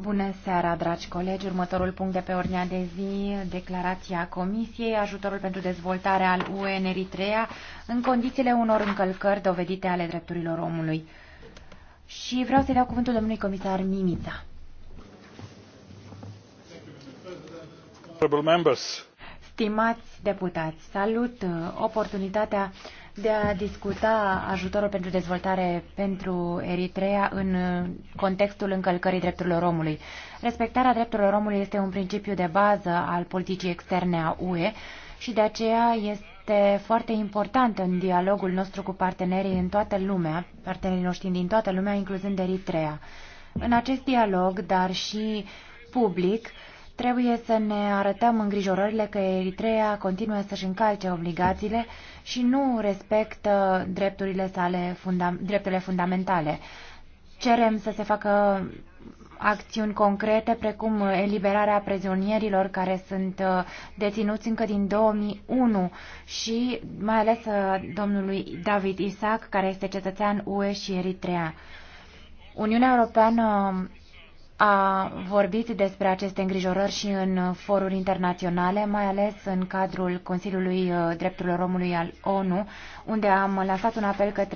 Bună seara, dragi colegi. Următorul punct de pe ordinea de zi, declarația Comisiei, ajutorul pentru dezvoltare al UE în Eritrea, în condițiile unor încălcări dovedite ale drepturilor omului. Și vreau să-i dau cuvântul domnului comisar Mimița. Members, Stimați deputați, salut uh, oportunitatea de a discuta ajutorul pentru dezvoltare pentru Eritrea în uh, contextul încălcării drepturilor omului. Respectarea drepturilor omului este un principiu de bază al politicii externe a UE și de aceea este foarte important în dialogul nostru cu partenerii în toată lumea, partenerii noștri din toată lumea, incluzând Eritrea. În acest dialog, dar și public, Trebuie să ne arătăm îngrijorările că Eritrea continuă să-și încalce obligațiile și nu respectă drepturile sale funda drepturile fundamentale. Cerem să se facă acțiuni concrete, precum eliberarea prezonierilor care sunt uh, deținuți încă din 2001 și mai ales uh, domnului David Isaac, care este cetățean UE și eritrea. Uniunea Europeană a vorbit despre aceste îngrijorări și în foruri internaționale, mai ales în cadrul Consiliului uh, Drepturilor Omului al ONU, unde am lansat un apel către